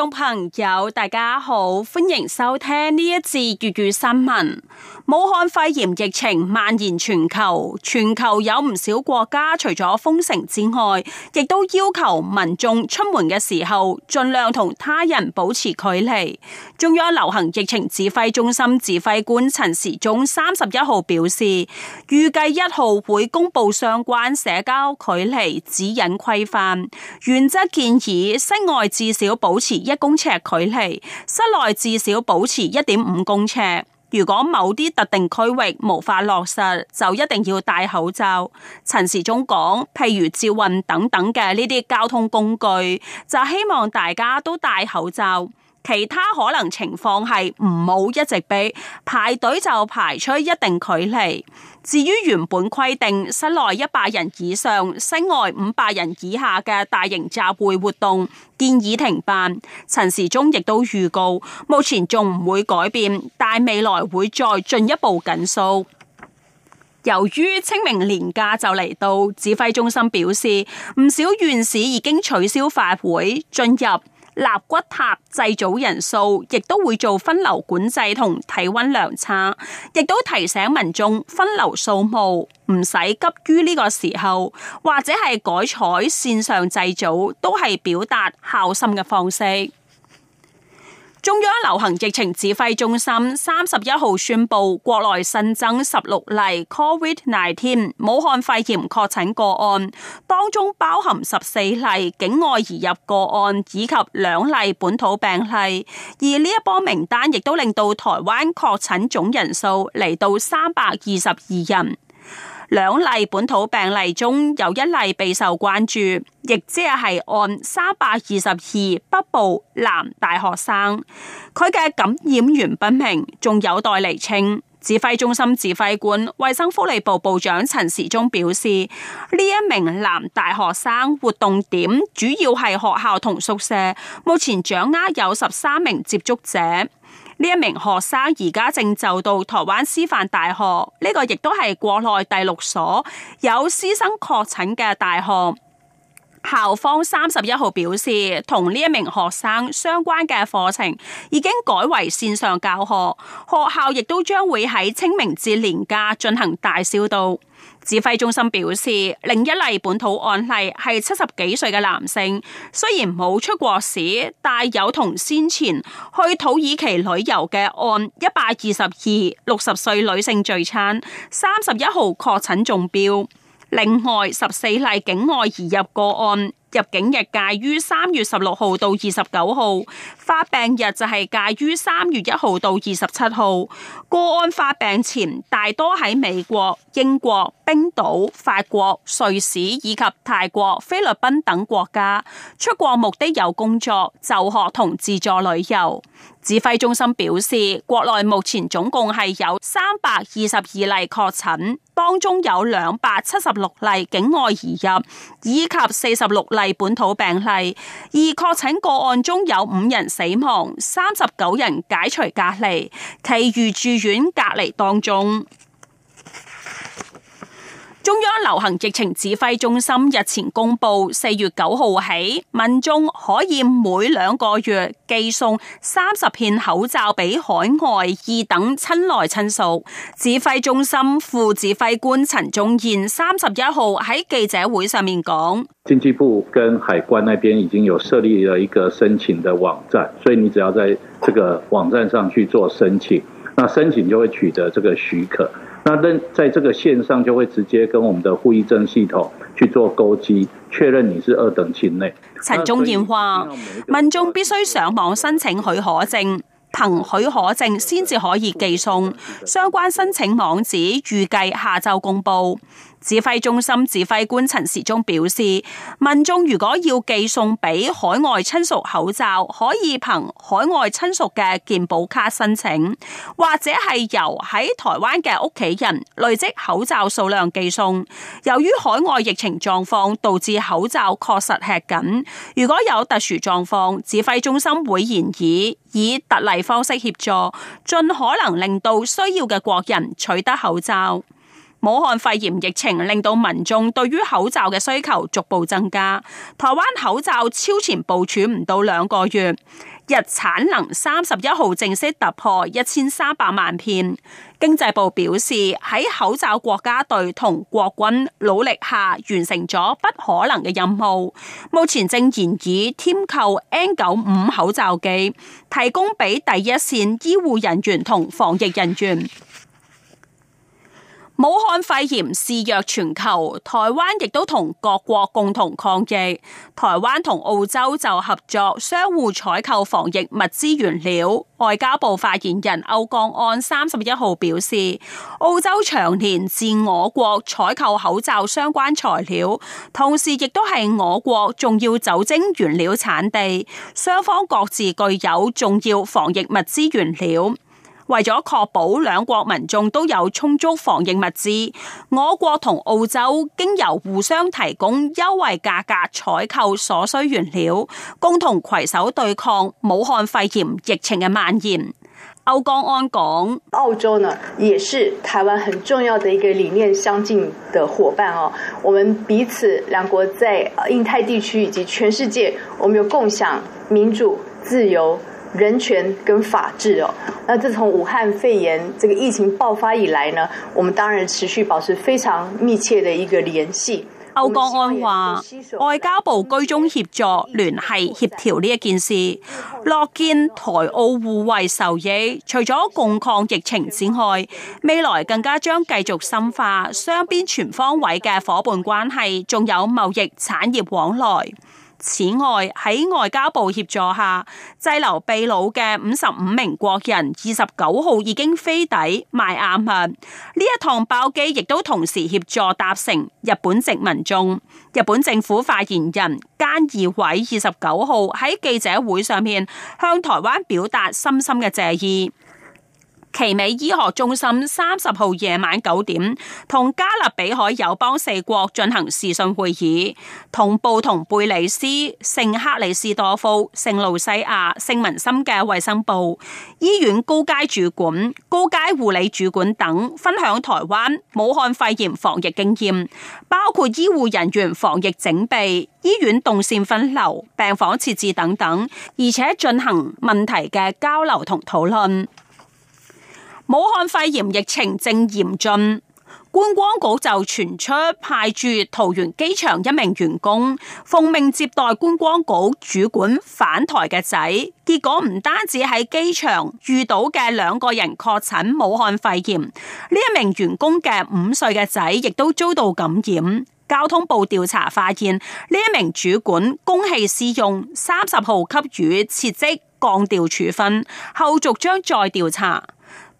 觀眾朋友，大家好，歡迎收聽呢一節粵語新聞。武漢肺炎疫情蔓延全球，全球有唔少國家除咗封城之外，亦都要求民眾出門嘅時候盡量同他人保持距離。中央流行疫情指揮中心指揮官陳時中三十一號表示，預計一號會公布相關社交距離指引規範，原則建議室外至少保持一一公尺距離，室內至少保持一點五公尺。如果某啲特定區域無法落實，就一定要戴口罩。陳時中講，譬如捷運等等嘅呢啲交通工具，就希望大家都戴口罩。其他可能情況係唔好一直比，排隊就排出一定距離。至於原本規定室內一百人以上、室外五百人以下嘅大型集會活動，建議停辦。陳時中亦都預告，目前仲唔會改變，但未來會再進一步緊縮。由於清明年假就嚟到，指揮中心表示，唔少縣市已經取消法會進入。納骨塔祭祖人數，亦都會做分流管制同體溫量測，亦都提醒民眾分流掃墓，唔使急於呢個時候，或者係改採線上祭祖，都係表達孝心嘅方式。中央流行疫情指揮中心三十一號宣布，國內新增十六例 COVID-19 武漢肺炎確診個案，當中包含十四例境外移入個案以及兩例本土病例，而呢一波名單亦都令到臺灣確診總人數嚟到三百二十二人。兩例本土病例中有一例備受關注，亦即係案三百二十二，北部男大學生，佢嘅感染源不明，仲有待釐清。指揮中心指揮官衛生福利部部長陳時中表示，呢一名男大學生活動點主要係學校同宿舍，目前掌握有十三名接觸者。呢一名學生而家正就讀台灣師範大學，呢、這個亦都係國內第六所有師生確診嘅大學。校方三十一號表示，同呢一名學生相關嘅課程已經改為線上教學，學校亦都將會喺清明節年假進行大消毒。指揮中心表示，另一例本土案例係七十幾歲嘅男性，雖然冇出國史，但有同先前去土耳其旅遊嘅案一百二十二，六十歲女性聚餐，三十一號確診中標。另外十四例境外移入個案。入境日介於三月十六號到二十九號，發病日就係介於三月一號到二十七號。個案發病前大多喺美國、英國、冰島、法國、瑞士以及泰國、菲律賓等國家，出國目的有工作、就學同自助旅遊。指揮中心表示，國內目前總共係有三百二十二例確診，當中有兩百七十六例境外移入，以及四十六例。係本土病例，而確診個案中有五人死亡，三十九人解除隔離，其餘住院隔離當中。中央流行疫情指揮中心日前公布，四月九號起，民眾可以每兩個月寄送三十片口罩俾海外二等親來親屬。指揮中心副指揮官陳宗彥三十一號喺記者會上面講：經濟部跟海關那邊已經有設立了一個申請的網站，所以你只要在這個網站上去做申請，那申請就會取得這個許可。那在，在這個線上就會直接跟我們的戶役政系統去做勾稽，確認你是二等親內。陳宗彥話，民眾必須上網申請許可證，憑許可證先至可以寄送。相關申請網址預計下週公佈。指揮中心指揮官陳時中表示，民眾如果要寄送俾海外親屬口罩，可以憑海外親屬嘅健保卡申請，或者係由喺台灣嘅屋企人累積口罩數量寄送。由於海外疫情狀況導致口罩確實吃緊，如果有特殊狀況，指揮中心會研議以特例方式協助，盡可能令到需要嘅國人取得口罩。武漢肺炎疫情令到民眾對於口罩嘅需求逐步增加，台灣口罩超前部署唔到兩個月，日產能三十一號正式突破一千三百萬片。經濟部表示喺口罩國家隊同國軍努力下，完成咗不可能嘅任務。目前正研議添購 N 九五口罩機，提供俾第一線醫護人員同防疫人員。武漢肺炎肆虐全球，台灣亦都同各國共同抗疫。台灣同澳洲就合作，相互採購防疫物資原料。外交部發言人歐江安三十一號表示，澳洲長年自我國採購口罩相關材料，同時亦都係我國重要酒精原料產地，雙方各自具有重要防疫物資原料。為咗確保兩國民眾都有充足防疫物資，我國同澳洲經由互相提供優惠價格採購所需原料，共同携手對抗武漢肺炎疫情嘅蔓延。歐江安講，澳洲呢也是台灣很重要的一個理念相近的夥伴哦。我們彼此兩國在印太地區以及全世界，我們有共享民主自由。人權跟法治哦，那自從武漢肺炎這個疫情爆發以來呢，我們當然持續保持非常密切的一個聯繫。歐國安話，外交部居中協助聯繫協調呢一件事，樂見台澳互惠受益，除咗共抗疫情之外，未來更加將繼續深化雙邊全方位嘅伙伴關係，仲有貿易產業往來。此外，喺外交部協助下，滯留秘魯嘅五十五名國人，二十九號已經飛抵邁亞密。呢一趟包機亦都同時協助搭乘日本籍民眾。日本政府發言人菅義偉二十九號喺記者會上面向台灣表達深深嘅謝意。奇美醫學中心三十號夜晚九點，同加勒比海友邦四國進行視訊會議，同步同貝里斯、聖克里斯多夫、聖露西亞、聖文森嘅衛生部、醫院高階主管、高階護理主管等分享台灣武漢肺炎防疫經驗，包括醫護人員防疫整備、醫院動線分流、病房設置等等，而且進行問題嘅交流同討論。武漢肺炎疫情正嚴峻，觀光局就傳出派駐桃園機場一名員工奉命接待觀光局主管返台嘅仔，結果唔單止喺機場遇到嘅兩個人確診武漢肺炎，呢一名員工嘅五歲嘅仔亦都遭到感染。交通部調查發現，呢一名主管公器私用，三十號給予撤職降調處分，後續將再調查。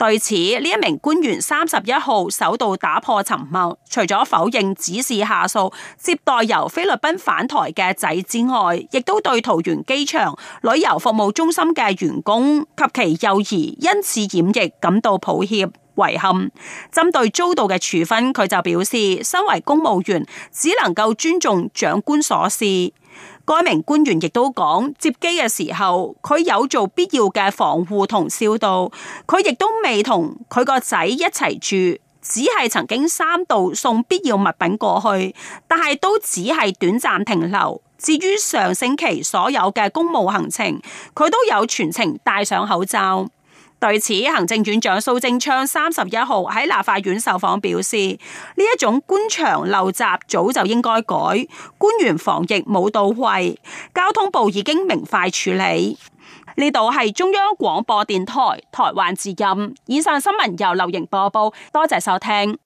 對此，呢一名官員三十一號首度打破沉默，除咗否認指示下屬接待由菲律賓返台嘅仔之外，亦都對桃園機場旅遊服務中心嘅員工及其幼兒因此染疫感到抱歉遺憾。針對遭到嘅處分，佢就表示，身為公務員只能夠尊重長官所示。該名官員亦都講接機嘅時候，佢有做必要嘅防護，同消毒，佢亦都未同佢個仔一齊住，只係曾經三度送必要物品過去，但係都只係短暫停留。至於上星期所有嘅公務行程，佢都有全程戴上口罩。對此，行政院長蘇貞昌三十一號喺立法院受訪表示，呢一種官場陋習早就應該改，官員防疫冇到位，交通部已經明快處理。呢度係中央廣播電台台灣之音，以上新聞由劉瑩播報，多謝收聽。